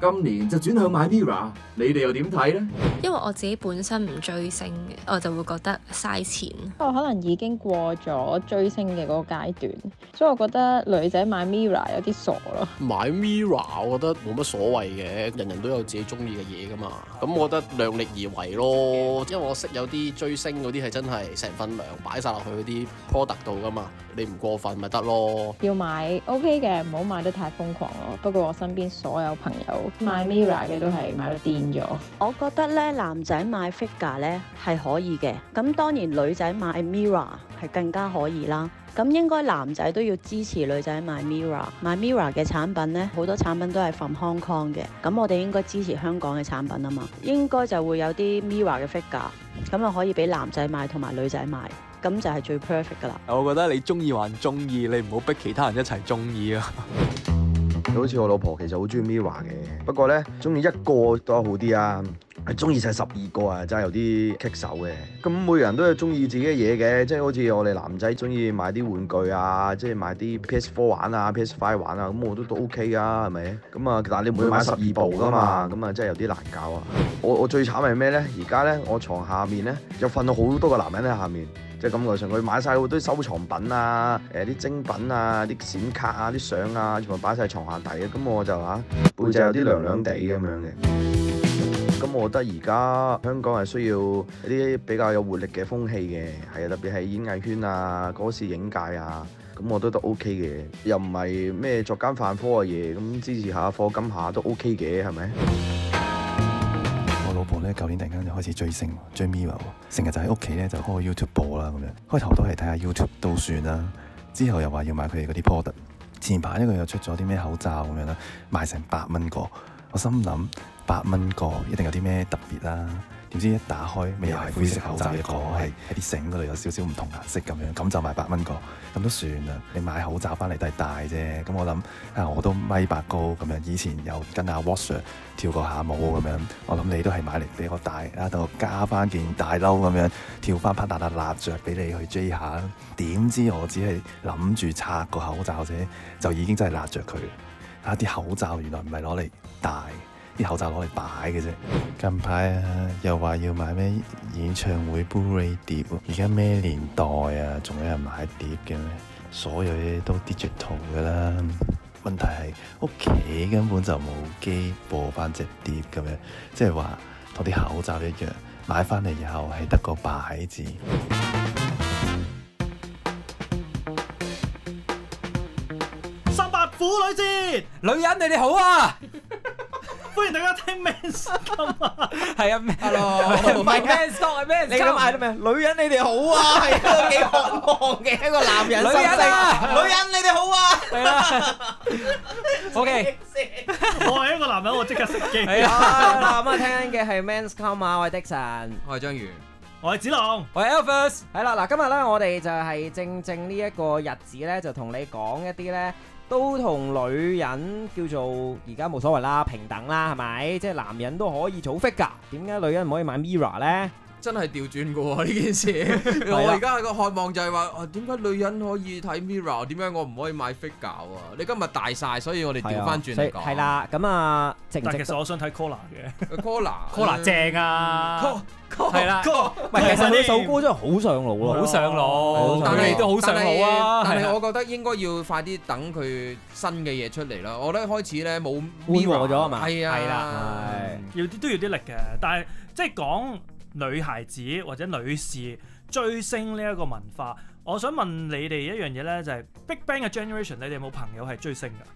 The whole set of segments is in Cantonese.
今年就轉向買 Mirror，你哋又點睇呢？因為我自己本身唔追星嘅，我就會覺得嘥錢。不過可能已經過咗追星嘅嗰個階段，所以我覺得女仔買 Mirror 有啲傻咯。買 Mirror，我覺得冇乜所謂嘅，人人都有自己中意嘅嘢噶嘛。咁我覺得量力而為咯，因為我識有啲追星嗰啲係真係成份糧擺晒落去嗰啲 product 度噶嘛，你唔過分咪得咯。要買 OK 嘅，唔好買得太瘋狂咯。不過我身邊所有朋友，買 Mirror 嘅都係買到癲咗。我覺得咧，男仔買 figure 咧係可以嘅。咁當然女仔買 Mirror 係更加可以啦。咁應該男仔都要支持女仔買 Mirror。買 Mirror 嘅產品咧，好多產品都係 from Hong Kong 嘅。咁我哋應該支持香港嘅產品啊嘛。應該就會有啲 Mirror 嘅 figure。咁又可以俾男仔買同埋女仔買，咁就係最 perfect 㗎喇。我覺得你中意還中意，你唔好逼其他人一齊中意啊。 好似我老婆其實好中意 Mirror 嘅，不過咧中意一個都好啲啊，中意晒十二個啊，真係有啲棘手嘅。咁每人都有中意自己嘅嘢嘅，即係好似我哋男仔中意買啲玩具啊，即係買啲 PS Four 玩啊，PS Five 玩啊，咁、啊、我都都 OK 啊，係咪？咁啊，但係你每買十二部噶嘛，咁啊、嗯、真係有啲難搞啊。我我最慘係咩咧？而家咧我床下面咧有瞓咗好多個男人喺下面。即係感覺上，佢買晒好多收藏品啊，誒啲精品啊，啲閃卡啊，啲相啊，全部擺晒床下底嘅。咁我就嚇背脊有啲涼涼地咁樣嘅。咁 我覺得而家香港係需要一啲比較有活力嘅風氣嘅，係啊，特別係演藝圈啊，嗰時影界啊，咁我都覺得 OK 嘅，又唔係咩作奸犯科嘅嘢，咁支持下課金下都 OK 嘅，係咪？ 喺舊年突然間就開始追星，追 Mirror，成日就喺屋企咧就開個 YouTube 播啦咁樣。開頭都係睇下 YouTube 都算啦，之後又話要買佢哋嗰啲 product。前排呢，佢又出咗啲咩口罩咁樣啦，賣成八蚊個，我心諗八蚊個一定有啲咩特別啦，啊。點知一打開，咪又係灰色口罩一個，係喺啲繩嗰度有少少唔同顏色咁樣，咁就賣八蚊個，咁都算啦。你買口罩翻嚟都係戴啫，咁我諗啊，我都米八高咁樣，以前有跟阿 Wat Sir 跳過下舞咁樣，嗯、我諗你都係買嚟俾我戴啊，等我加翻件大褸咁樣，跳翻啪嗒嗒揦着俾你去 J 下。點知我只係諗住拆個口罩啫，就已經真係揦着佢啦！啲口罩原來唔係攞嚟戴。啲口罩攞嚟擺嘅啫，近排啊又話要買咩演唱會 Blu-ray 碟，而家咩年代啊，仲有人買碟嘅咩？所有嘢都 digital 㗎啦。問題係屋企根本就冇機播翻隻碟咁樣，即係話同啲口罩一樣，買翻嚟後係得個擺字。三八婦女節，女人你哋好啊！歡迎大家聽 Men's Talk 啊，係啊，係咯，唔係 Men's Talk，係 men。你咁嗌啲咩？女人你哋好啊，係啊，幾渴望嘅一個男人心聲。女人你哋好啊，係啦。O K，我係一個男人，我即刻熄機。係啦，嗱咁啊，聽嘅係 Men's Come 啊，我係 Tiksan，我係章魚，我係紫龍，我係 Alvis。係啦，嗱，今日咧我哋就係正正呢一個日子咧，就同你講一啲咧。都同女人叫做而家冇所謂啦，平等啦，係咪？即係男人都可以儲 figure 㗎，點解女人唔可以買 mirror 呢？真係調轉嘅喎呢件事，我而家嘅渴望就係話，點解女人可以睇 mirror，點解我唔可以買 figure 啊？你今日大晒，所以我哋調翻轉嚟講。係啦，咁啊，但其實我想睇 c o l a 嘅 c o l a k o l a 正啊，係啦，喂，其實呢首歌真係好上路喎，好上路，但係都好上路啊。但係我覺得應該要快啲等佢新嘅嘢出嚟啦。我咧開始咧冇 mirror 咗啊嘛，係啊，要都要啲力嘅，但係即係講。女孩子或者女士追星呢一個文化，我想問你哋一樣嘢咧，就係 Big Bang 嘅 generation，你哋有冇朋友係追星噶？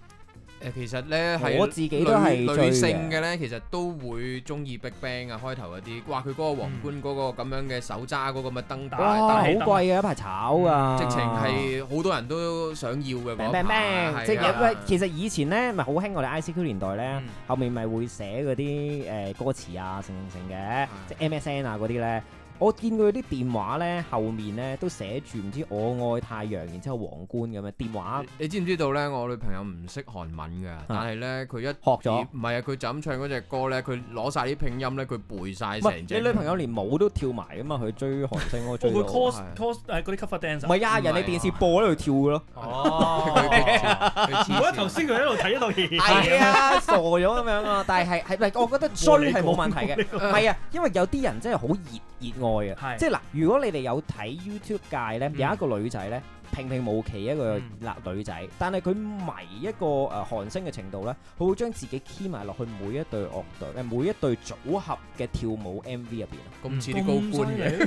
誒其實咧我自己都係追星嘅咧，其實都會中意 BigBang 啊，開頭嗰啲哇佢嗰個皇冠嗰個咁樣嘅手揸嗰個乜燈帶，但係好貴嘅一排炒啊，嗯、直情係好多人都想要嘅。BigBang 的即係其實以前咧咪好興我哋 ICQ 年代咧，嗯、後面咪會寫嗰啲誒歌詞啊，成成嘅，嗯、即係 MSN 啊嗰啲咧。我見佢啲電話咧，後面咧都寫住唔知我愛太陽，然之後皇冠咁樣電話。你知唔知道咧？我女朋友唔識韓文噶，但係咧佢一學咗，唔係啊！佢就咁唱嗰隻歌咧，佢攞曬啲拼音咧，佢背曬成隻。你女朋友連舞都跳埋㗎嘛！佢追韓星我追到。佢 cos cos 誒嗰啲 cover dance。唔係啊！人哋電視播喺度跳噶咯。哦，係啊！我覺得頭先佢一路睇一路熱。係啊，傻咗咁樣啊！但係係係，我覺得追係冇問題嘅。唔係啊，因為有啲人真係好熱。熱愛啊！即係嗱，如果你哋有睇 YouTube 界咧，有一個女仔咧，平平無奇一個辣女仔，但係佢迷一個誒韓星嘅程度咧，佢會將自己 key 埋落去每一對樂隊、每一對組合嘅跳舞 MV 入邊啊！咁似啲高官嘅，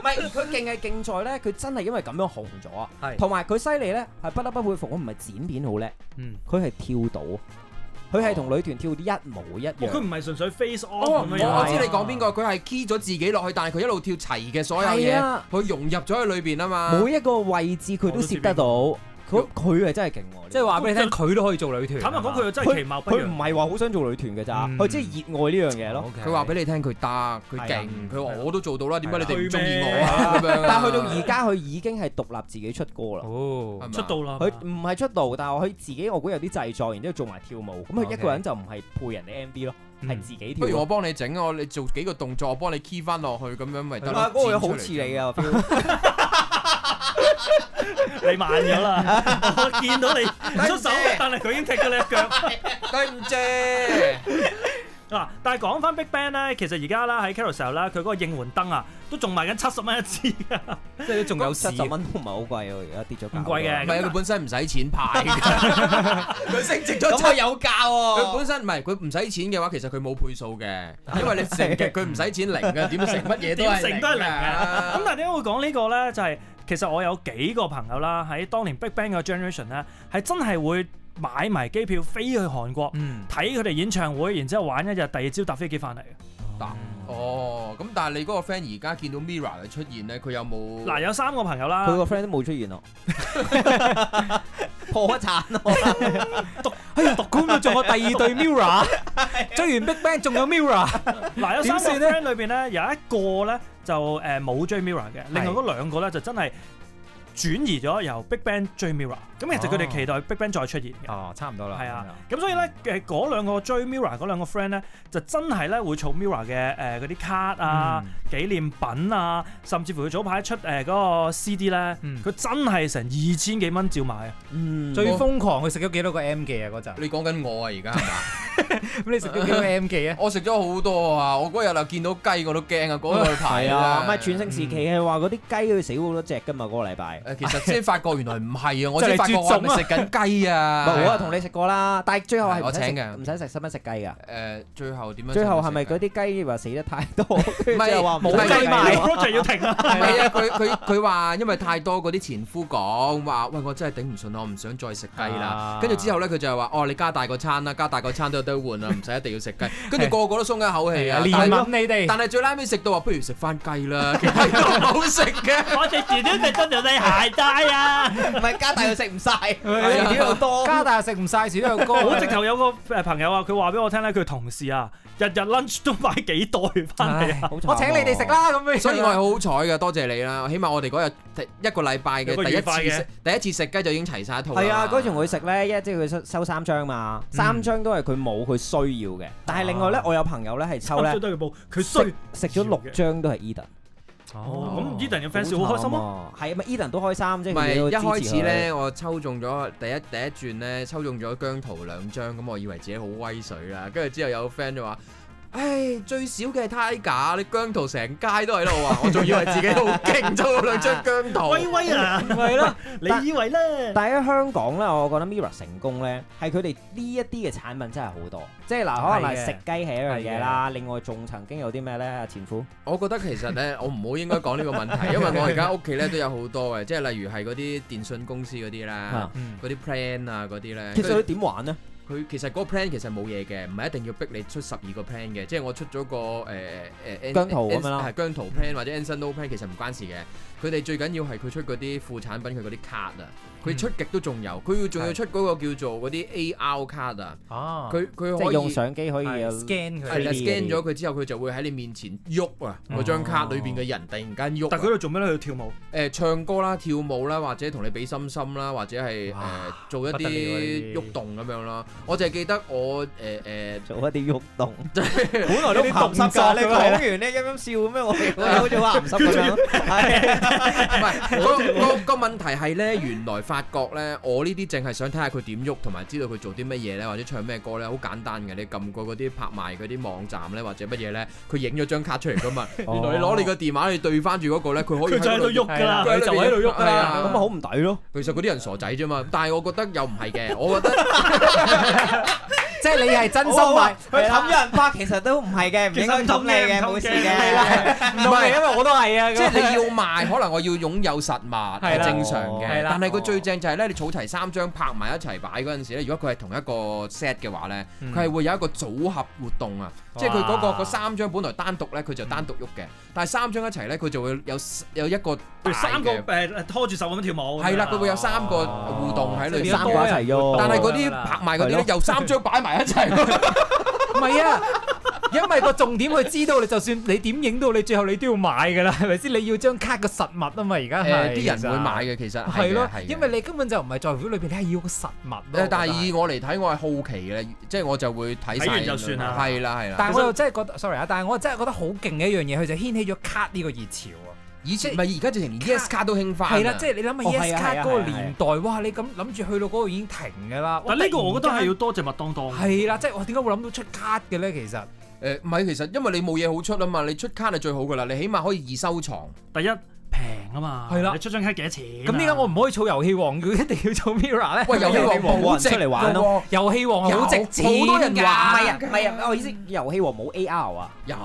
唔係佢勁係勁在咧，佢真係因為咁樣紅咗啊！係，同埋佢犀利咧，係不得不佩服，我唔係剪片好叻，嗯，佢係跳到。佢係同女團跳啲一模一樣，佢唔係純粹 face on 哦。哦，我知你講邊個，佢係 key 咗自己落去，但係佢一路跳齊嘅所有嘢，佢、啊、融入咗去裏邊啊嘛，每一個位置佢也都攝得到。佢佢係真係勁喎，即係話俾你聽，佢都可以做女團。坦白講，佢又真係奇貌不揚。佢佢唔係話好想做女團嘅咋，佢即係熱愛呢樣嘢咯。佢話俾你聽，佢得佢勁，佢話我都做到啦。點解你哋唔中意我啊？但係去到而家，佢已經係獨立自己出歌啦。哦，出道啦！佢唔係出道，但係佢自己，我估有啲製作，然之後做埋跳舞。咁佢一個人就唔係配人哋 MV 咯，係自己跳。不如我幫你整我，你做幾個動作，我幫你 key 翻落去，咁樣咪得。啊，嗰個好似你啊！你慢咗啦！我見到你出手，但係佢已經踢咗你一腳。對唔住。嗱，但係講翻 BigBang 咧，其實而家啦，喺 Carousell 啦，佢嗰個應援燈啊，都仲賣緊七十蚊一支啊！即係仲有市。七十蚊都唔係好貴喎，而家跌咗。唔貴嘅，唔係啊！佢本身唔使錢派，佢升值咗，咁咪有價喎。佢本身唔係，佢唔使錢嘅話，其實佢冇配數嘅，因為你成日佢唔使錢零嘅，點成乜嘢都係。點成都係零啊！咁但係點解我講呢個咧？就係。其實我有幾個朋友啦，喺當年 Big Bang 嘅 generation 咧，係真係會買埋機票飛去韓國睇佢哋演唱會，然之後玩一日，第二朝搭飛機翻嚟嘅。搭、嗯、哦，咁但係你嗰個 friend 而家見到 Mira 出現咧，佢有冇？嗱、啊，有三個朋友啦，佢個 friend 都冇出現咯， 破產壞咯了，哎 呀，奪冠仲有第二對 Mira， 追完 Big Bang 仲有 Mira，嗱、 啊、有三個 friend 裏邊咧有一個咧。就誒冇追 Mirror 嘅，是的 另外嗰兩個咧就真係。轉移咗由 Big Bang 追 Mirror，咁其實佢哋期待 Big Bang 再出現哦，差唔多啦。係啊，咁所以咧，誒嗰兩個追 Mirror 嗰兩個 friend 咧，就真係咧會儲 Mirror 嘅誒嗰啲卡啊、紀念品啊，甚至乎佢早排出誒嗰個 CD 咧，佢真係成二千幾蚊照買啊！嗯，最瘋狂佢食咗幾多個 M 記啊？嗰陣。你講緊我啊，而家係嘛？咁你食咗幾多 M 記啊？我食咗好多啊！我嗰日就見到雞我都驚啊！嗰個排係啊，咪全盛時期係話嗰啲雞佢死好多隻㗎嘛！嗰個禮拜。其實先發覺原來唔係啊！我先發覺喂，食緊雞啊！唔係，我同你食過啦。但係最後係我請嘅，唔使食，使乜食雞啊？誒，最後點樣？最後係咪嗰啲雞話死得太多？唔係話冇雞要停啦。啊！佢佢佢話因為太多嗰啲前夫講，話喂我真係頂唔順我唔想再食雞啦。跟住之後咧，佢就係話哦，你加大個餐啦，加大個餐都有得換啦，唔使一定要食雞。跟住個個都鬆一口氣啊！憐憫你哋。但係最拉尾食到話，不如食翻雞啦，係好食嘅。我食前邊食多條大袋啊，唔係 加大又食唔曬，薯條又多；加大又食唔晒，少條 對又多。我 直頭有個朋友話，佢話俾我聽咧，佢同事啊，日日 lunch 都買幾袋翻嚟。我請你哋食啦咁樣。所以我係好好彩㗎，多謝，謝你啦。起碼我哋嗰日一個禮拜嘅第一次食第一次食雞就已經齊晒一套。係啊，嗰陣會食咧，一即佢收收三張嘛，三張都係佢冇佢需要嘅。但係另外咧，我有朋友咧係抽咧，三張都冇佢需食咗六張都係 E 特。哦，咁、oh, Eden 嘅 fans 好慘、啊、開心咯、啊，係 Eden 都開心啫？唔係一開始咧，我抽中咗第一第一轉咧，抽中咗姜濤兩張，咁我以為自己好威水啦、啊，跟住之後有個 friend 就話。唉，最少嘅係 Tiger，啲姜濤成街都喺度啊，我仲以為自己好勁，做兩張姜濤。威威啊，係咯，你以為咧？但喺香港咧，我覺得 Mirror 成功咧，係佢哋呢一啲嘅產品真係好多。即係嗱，可能係食雞係一樣嘢啦。另外仲曾經有啲咩咧？前夫，我覺得其實咧，我唔好應該講呢個問題，因為我而家屋企咧都有好多嘅，即係例如係嗰啲電信公司嗰啲咧，嗰啲 plan 啊嗰啲咧。其實佢點玩咧？佢其實嗰 plan 其實冇嘢嘅，唔係一定要逼你出十二個 plan 嘅，即係我出咗個誒誒誒，姜濤咁樣啦，係姜濤 plan、嗯、或者 Anson Lo plan 其實唔關事嘅，佢哋最緊要係佢出嗰啲副產品佢嗰啲卡 a 啊。佢出極都仲有，佢要仲要出嗰個叫做嗰啲 AR 卡啊！佢佢用相機可以 scan 佢，係 scan 咗佢之後，佢就會喺你面前喐啊！嗰張卡裏邊嘅人突然間喐。但佢度做咩咧？喺跳舞？誒唱歌啦、跳舞啦，或者同你畀心心啦，或者係誒做一啲喐動咁樣啦。我就係記得我誒誒做一啲喐動。本來啲鹹濕㗎呢個，講完咧陰陰笑咁樣，我係好似話鹹濕咁樣。係，唔係？個個問題係咧，原來發覺咧，我呢啲淨係想睇下佢點喐，同埋知道佢做啲乜嘢咧，或者唱咩歌咧，好簡單嘅。你撳過嗰啲拍賣嗰啲網站咧，或者乜嘢咧，佢影咗張卡出嚟噶嘛。原來你攞你個電話，你對翻住嗰個咧，佢可以喺度喐㗎啦。佢了就喺度喐。係啊，咁咪好唔抵咯。其實嗰啲人傻仔啫嘛。但係我覺得又唔係嘅，我覺得。 即係你係真心賣，佢冚咗人花其實都唔係嘅，唔應該咁你嘅冇事嘅，唔係因為我都係啊。即係你要賣，可能我要擁有實物係正常嘅，但係佢最正就係咧，你儲齊三張拍埋一齊擺嗰陣時咧，如果佢係同一個 set 嘅話咧，佢係會有一個組合活動啊。即係佢嗰個三張本來單獨咧，佢就單獨喐嘅。但係三張一齊咧，佢就會有有一個三個、呃、拖住手咁跳舞。係啦了，佢、啊、會有三個互動喺裏邊，哦、三個三個一齊喐。啊、但係嗰啲拍賣嗰啲又三張擺埋一齊，唔係 啊！ 因為個重點佢知道你，就算你點影到你，最後你都要買㗎啦，係咪先？你要張卡嘅實物啊嘛，而家係啲人會買嘅，其實係咯。因為你根本就唔係在表裏邊，你係要個實物。誒，但係以我嚟睇，我係好奇嘅，即係我就會睇完就算啦。係啦，係啦。但係我又真係覺得，sorry 啊，但係我真係覺得好勁嘅一樣嘢，佢就掀起咗卡呢個熱潮啊！以前唔係而家直情連 Yes 卡都興翻。係啦，即係你諗下 Yes 卡嗰個年代，哇！你咁諗住去到嗰度已經停㗎啦。但呢個我覺得係要多謝麥當當。係啦，即係我點解會諗到出卡嘅咧？其實。誒唔係，其實因為你冇嘢好出啊嘛，你出卡係最好噶啦，你起碼可以易收藏。第一。啊嘛，係啦，你出張卡幾多錢？咁點解我唔可以儲遊戲王？佢一定要儲 Mirror 咧？喂，遊戲王冇人，出嚟玩咯！遊戲王好值錢，好多人玩啊！係啊，我意思遊戲王冇 AR 啊？有，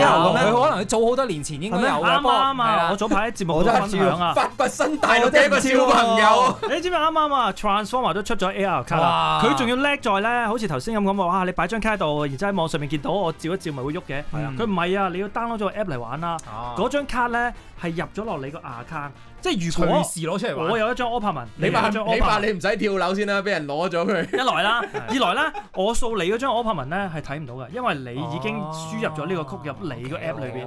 有咩？佢可能佢早好多年前已經有啦。啱啱啊！我早排啲節目我都係照樣啊！發掘新大陸嘅小朋友，你知唔知啱啱啊？Transformer 都出咗 AR 卡啦，佢仲要叻在咧，好似頭先咁講，哇！你擺張卡喺度，然之後喺網上面見到，我照一照咪會喐嘅。佢唔係啊，你要 download 咗個 app 嚟玩啦。嗰張卡咧。係入咗落你個牙坑。即係如果事攞出嚟玩，我有一張 Open 文，你拍張 Open 文，你拍你唔使跳樓先啦，俾人攞咗佢。一來啦，二來啦，我掃你嗰張 Open 文咧係睇唔到嘅，因為你已經輸入咗呢個曲入你個 app 裏邊。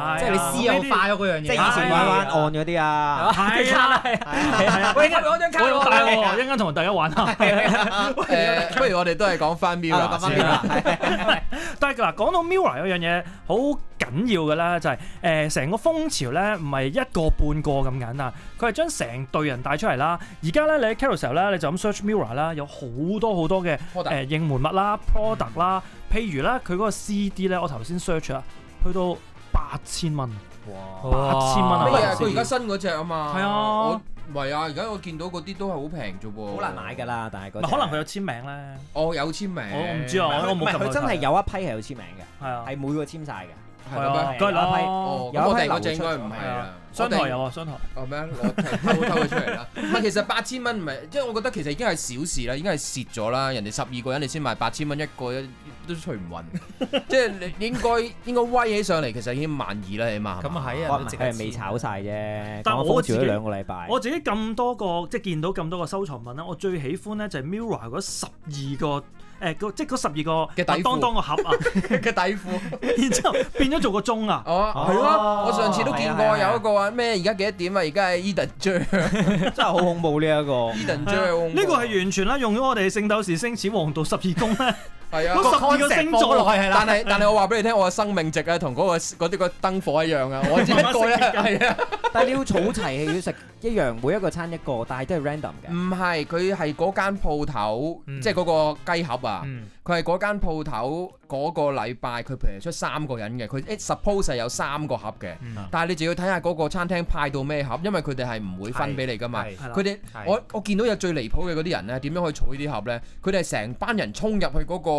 哦，即係你私有化咗嗰樣嘢。即係以前玩按嗰啲啊。係啊，喂，我張卡又大喎，一陣間同大家玩啊。不如我哋都係講翻 Mirror 但啦。係，嗱。講到 Mirror 嗰樣嘢好緊要嘅啦，就係誒成個風潮咧，唔係一個半個咁。眼啊！佢係將成隊人帶出嚟啦。而家咧，你喺 Carousel 咧，你就咁 search Mirror 啦，有好多好多嘅，誒應援物啦，product 啦，譬如咧，佢嗰個 CD 咧，我頭先 search 啊，去到八千蚊，八千蚊啊！佢而家新嗰隻啊嘛，係啊，唔係啊，而家我見到嗰啲都係好平啫噃，好難買噶啦，但係可能佢有簽名咧，我有簽名，我唔知啊，唔係佢真係有一批係有簽名嘅？係啊，係每個簽晒嘅。係啊，該啦，有定嗰隻應該唔係啦。雙台有啊，雙台。哦咩？我偷偷佢出嚟啦。唔係，其實八千蚊唔係，即係我覺得其實已經係小事啦，已經係蝕咗啦。人哋十二個人你先賣八千蚊一個，都吹唔運。即係你應該應該威起上嚟，其實已經萬二啦，起碼。咁啊係啊，係未炒晒啫。但我諗住兩個禮拜。我自己咁多個，即係見到咁多個收藏品啦，我最喜歡咧就係 Mirror 嗰十二個。誒、欸、個即係嗰十二個嘅底褲當當個盒啊嘅 底褲， 然之後變咗做個鐘啊！ 哦，係咯，哦啊，我上次都見過有一個話咩，而家幾多點啊？而家係伊頓鐘，真係好恐怖呢一、這個伊頓鐘，呢個係完全啦，用咗我哋聖鬥士星矢黃道十二宮啦。 係啊，十二個星座落去係啦。但係，但係我話俾你聽，我嘅生命值啊同嗰個嗰啲個燈火一樣啊。我知一個咧係啊，但係你要儲齊，又要食一樣，每一個餐一個，但係都係 random 嘅。唔係，佢係嗰間鋪頭，即係嗰個雞盒啊。佢係嗰間鋪頭嗰個禮拜，佢譬如出三個人嘅，佢一 suppose 係有三個盒嘅。但係你就要睇下嗰個餐廳派到咩盒，因為佢哋係唔會分俾你噶嘛。佢哋我我見到有最離譜嘅嗰啲人咧，點樣去儲呢啲盒咧？佢哋係成班人衝入去嗰個，個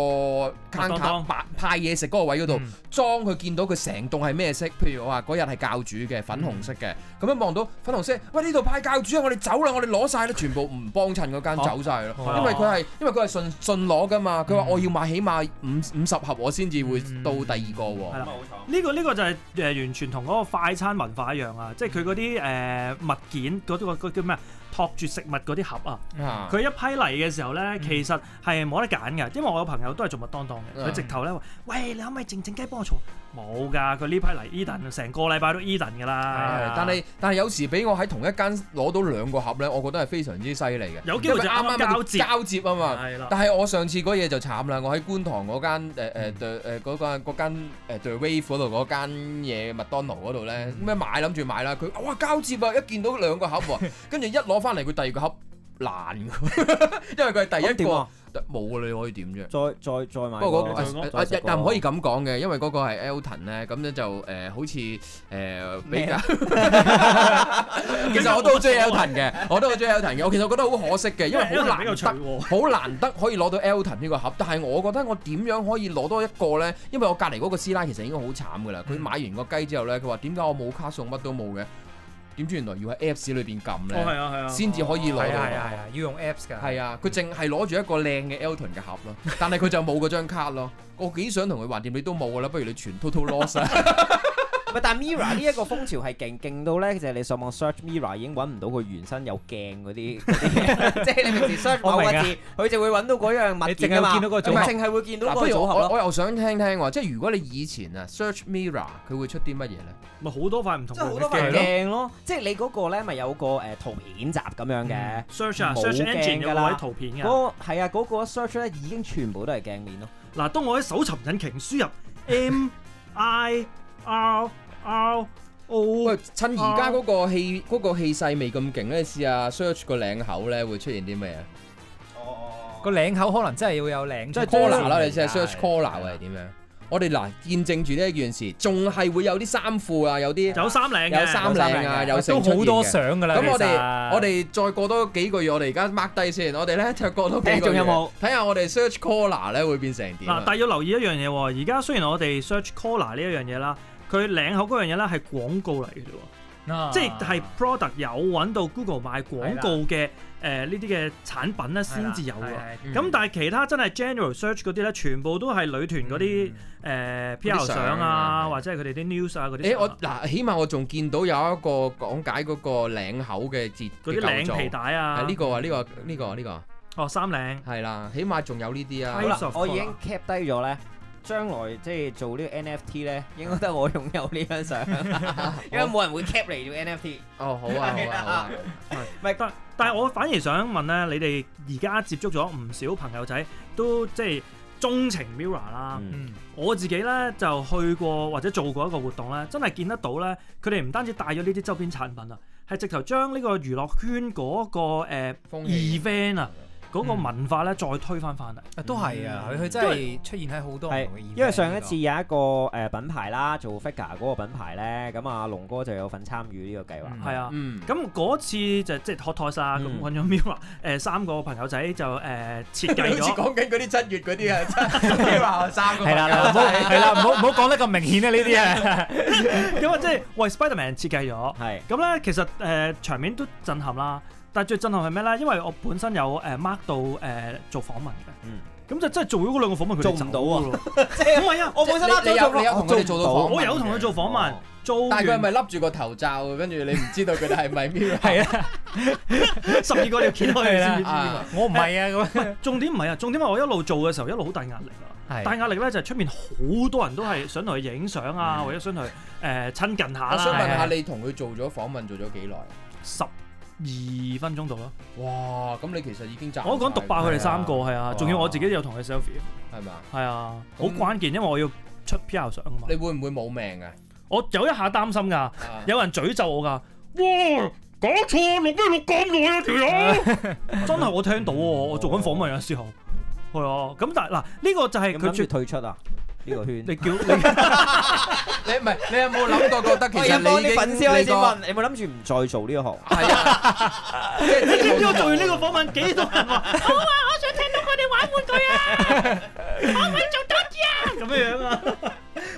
攤檔派派嘢食嗰位嗰度，裝佢、嗯、見到佢成棟係咩色？譬如我話嗰日係教主嘅粉紅色嘅，咁、嗯、樣望到粉紅色，喂呢度派教主，我哋走啦，我哋攞晒啦，全部唔幫襯嗰間走晒咯、啊，因為佢係因為佢係信信攞噶嘛，佢話、嗯、我要買起碼五五十盒，我先至會到第二個。係啦、嗯，呢、這個呢、這個就係誒完全同嗰個快餐文化一樣啊，即係佢嗰啲誒物件嗰、那個那個叫啲咩。託住食物嗰啲盒啊！佢、嗯啊、一批嚟嘅時候咧，嗯、其實係冇得揀嘅，因為我有朋友都係做麥當當嘅，佢直頭咧話：「喂，你可唔可以靜靜雞幫我做？冇噶，佢呢批嚟 Eden 成個禮拜都 Eden 噶啦。但係但係有時俾我喺同一間攞到兩個盒咧，我覺得係非常之犀利嘅。有機會就啱啱交接啊嘛！但係我上次嗰嘢就慘啦，我喺觀塘嗰間誒誒誒嗰間嗰、呃、間誒、呃、The Wave 嗰度嗰間嘢麥當勞嗰度咧，咩、嗯、買諗住買啦，佢哇交接啊！一見到兩個盒喎，跟住 一攞翻。翻嚟佢第二個盒爛，因為佢係第一個冇嘅，你可以點啫？再再再買。不過講，但係唔可以咁講嘅，因為嗰個係 Elton 咧，咁咧就誒好似誒比較。其實我都好中意 Elton 嘅，我都好中意 Elton 嘅。我其實覺得好可惜嘅，因為好難得，好難得可以攞到 Elton 呢個盒。但係我覺得我點樣可以攞多一個咧？因為我隔離嗰個師奶其實應該好慘嘅啦。佢買完個雞之後咧，佢話點解我冇卡送，乜都冇嘅。點知原來要喺 Apps 裏邊撳咧，先至、哦啊啊、可以攞。係係啊，啊，啊，要用 Apps 㗎。係啊，佢淨係攞住一個靚嘅 Elton 嘅盒咯，但係佢就冇嗰張卡咯。 我幾想同佢橫掂，你都冇㗎啦，不如你全 total loss、啊。 但 m i r r o r 呢一個風潮係勁勁到咧，其、就、係、實、你上網 search m i r r o r 已經揾唔到佢原身有鏡嗰啲， 即係你平時 search 某，某個字，佢就會揾到嗰樣物件啊！唔係，淨係會見到嗰組合咯。我又想聽聽喎，即係如果你以前啊 search m i r r o r 佢會出啲乜嘢咧？咪好多塊唔同嘅鏡，鏡咯，即係你嗰個咧咪有個誒圖片集咁樣嘅 search、嗯、啊，search e n g i 啲圖片嘅嗰係啊嗰、嗰個 search 咧已經全部都係鏡面咯。嗱、啊，當我喺搜尋引擎輸入 M I。 凹凹哦！喂，趁而家嗰個氣嗰個氣勢未咁勁咧，試下 search 個領口咧會出現啲咩啊？哦哦哦！個領口可能真係要有領，即係 collar 啦。你試下 search collar 係點樣？我哋嗱，見證住呢一件事，仲係會有啲衫褲啊，有啲有衫領，有衫領啊，有都好多相噶啦。咁我哋我哋再過多幾個月，我哋而家 mark 低先。我哋咧再過多幾個月，仲有冇睇下我哋 search collar 咧會變成點。嗱，但係要留意一樣嘢喎，而家雖然我哋 search collar 呢一樣嘢啦。佢領口嗰樣嘢咧係廣告嚟嘅啫喎，即係 product 有揾到 Google 賣廣告嘅誒呢啲嘅產品咧先至有嘅。咁但係其他真係 general search 嗰啲咧，全部都係女團嗰啲誒 P.R. 相啊，或者係佢哋啲 news 啊嗰啲。誒我嗱，起碼我仲見到有一個講解嗰個領口嘅截嗰啲領皮帶啊。呢個啊，呢個呢個呢個。哦，三領。係啦，起碼仲有呢啲啊。我已經 cap 低咗咧。將來即係做呢個 NFT 咧，應該都係我擁有呢張相，因為冇人會 cap 嚟做 NFT。哦，好啊，好啊，唔係，但係我反而想問咧，你哋而家接觸咗唔少朋友仔，都即係鍾情 Mirror 啦。嗯，我自己咧就去過或者做過一個活動咧，真係見得到咧，佢哋唔單止帶咗呢啲周邊產品啊，係直頭將呢個娛樂圈嗰個誒 event 啊。嗰個文化咧，再推翻翻嚟。都係啊，佢佢真係出現喺好多。係，因為上一次有一個誒品牌啦，做 figure 嗰個品牌咧，咁啊龍哥就有份參與呢個計劃。係啊，咁嗰次就即係 Hot Toys 咁揾咗 Mirror 誒三個朋友仔就誒設計咗。好似講緊嗰啲七月嗰啲啊，Mirror 三個。係啦，係啦，唔好唔好講得咁明顯啊！呢啲啊，咁啊，即係喂 Spider-Man 設計咗，係咁咧，其實誒場面都震撼啦。但最震撼係咩咧？因為我本身有誒 mark 到誒做訪問嘅，咁就真係做咗嗰兩個訪問，佢做唔到啊！咁啊，因為我本身拉咗同佢做訪問，我有同佢做訪問，做。但佢係咪笠住個頭罩？跟住你唔知道佢哋係咪咩？係啊，十二個你要揭開佢先知啊！我唔係啊，咁重點唔係啊，重點係我一路做嘅時候一路好大壓力啊！大壓力咧就係出面好多人都係想同佢影相啊，或者想同佢誒親近下啦。我想問下你同佢做咗訪問做咗幾耐？十。二分鐘度咯！哇，咁你其實已經賺我講獨爆佢哋三個係啊，仲、啊、要我自己都有同佢 selfie 係咪？係嗎啊，好、嗯、關鍵，因為我要出 PR 相啊嘛。你會唔會冇命㗎、啊？我有一下擔心㗎， 有人詛咒我㗎。哇，講錯錄咩錄咁耐啊條友？ 真係我聽到喎，我做緊訪問嘅時候係啊。咁但嗱呢、啊呢個就係佢諗住退出啊。呢個圈，你叫你唔係你有冇諗過覺得其實你你你問你有冇諗住唔再做呢一行？係啊，你知唔知我做完呢個訪問幾多人話好啊，我想聽到佢哋玩玩具啊，可唔可以做多啲啊？咁嘅樣啊，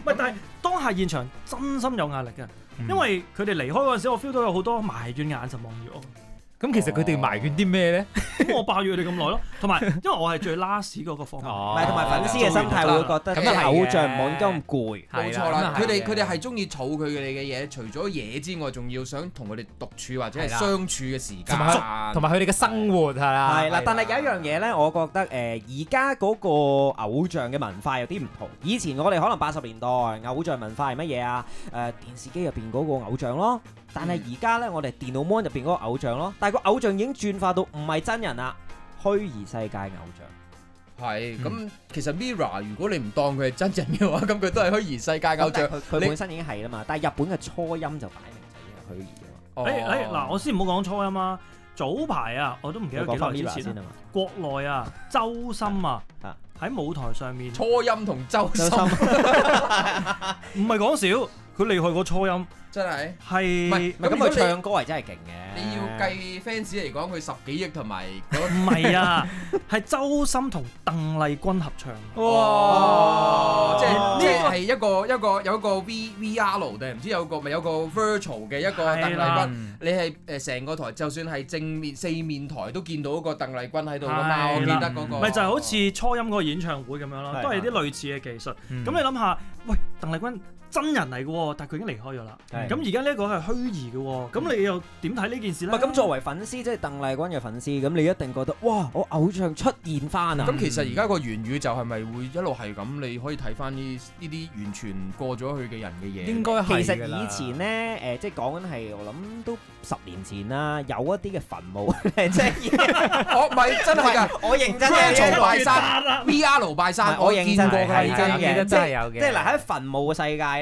喂！但係當下現場真心有壓力嘅，因為佢哋離開嗰陣時，我 feel 到有好多埋怨嘅眼神望住我。咁其實佢哋埋怨啲咩咧？咁我霸住佢哋咁耐咯，同埋因為我係最 last 嗰個訪問，唔係，同埋粉絲嘅心態會覺得偶像唔好咁攰，冇錯啦。佢哋佢哋係中意儲佢哋嘅嘢，除咗嘢之外，仲要想同佢哋獨處或者係相處嘅時間，同埋佢哋嘅生活係啦。係啦，但係有一樣嘢咧，我覺得誒而家嗰個偶像嘅文化有啲唔同。以前我哋可能八十年代偶像文化係乜嘢啊？誒電視機入邊嗰個偶像咯。但係而家咧，嗯、我哋電腦 mon 入邊嗰個偶像咯，但係個偶像已經轉化到唔係真人啦，虛擬世界偶像。係，咁、嗯、其實 Mirror 如果你唔當佢係真人嘅話，咁佢都係虛擬世界偶像。佢本身已經係啦嘛，但係日本嘅初音就擺明就係虛擬嘅。誒誒、哦，嗱、欸欸，我先唔好講初音啦，啊。早排啊，我都唔記得幾多年前啦。國內啊，周深啊，喺舞台上面。初音同周深，唔係講笑。好厲害個初音，真係係，唔係咁佢唱歌係真係勁嘅。你要計 fans 嚟講，佢十幾億同埋嗰。唔係啊，係周深同鄧麗君合唱。哇！即係呢個係一個一個有一個 V V R 定唔知有個咪有個 Virtual 嘅一個鄧麗君。你係誒成個台，就算係正面四面台都見到一個鄧麗君喺度噶嘛？我記得嗰個。咪就係好似初音嗰個演唱會咁樣咯，都係啲類似嘅技術。咁你諗下，喂鄧麗君。真人嚟嘅，但係佢已經離開咗啦。咁而家呢一個係虛擬嘅，咁你又點睇呢件事咧？咁作為粉絲，即係鄧麗君嘅粉絲，咁你一定覺得哇！我偶像出現翻啊！咁其實而家個元宇宙係咪會一路係咁？你可以睇翻呢呢啲完全過咗去嘅人嘅嘢。應該係。其實以前咧，誒即係講緊係我諗都十年前啦，有一啲嘅墳墓，即係我唔係真係㗎，我認真。VR 拜山，VR 拜山，我見過係真嘅，即係嚟喺墳墓嘅世界。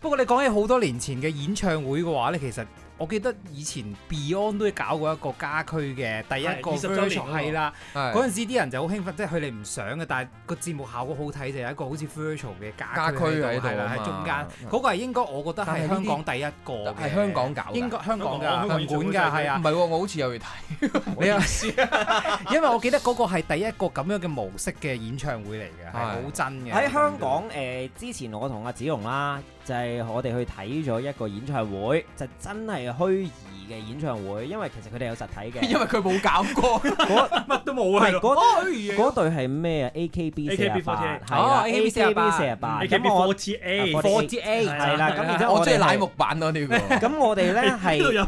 不過你講起好多年前嘅演唱會嘅話咧，其實我記得以前 Beyond 都搞過一個家居嘅第一個 virtual 係啦。嗰陣時啲人就好興奮，即係佢哋唔想嘅，但係個節目效果好睇，就有一個好似 virtual 嘅家居喺度係啦，喺中間嗰個係應該我覺得係香港第一個，係香港搞，應該香港噶，香港嘅係啊，唔係喎，我好似有去睇你啊，因為我記得嗰個係第一個咁樣嘅模式嘅演唱會嚟嘅，係好真嘅。喺香港誒，之前我同阿紫龍啦。就係我哋去睇咗一個演唱會，就真係虛擬嘅演唱會，因為其實佢哋有實體嘅，因為佢冇搞過，嗰乜都冇啊，嗰對嗰對係咩啊？A K B A K B 四十八，哦 A K B 四十八，A K B 四十八四十八，係啦，咁然之後我即係乃木坂咯呢個，咁我哋咧係，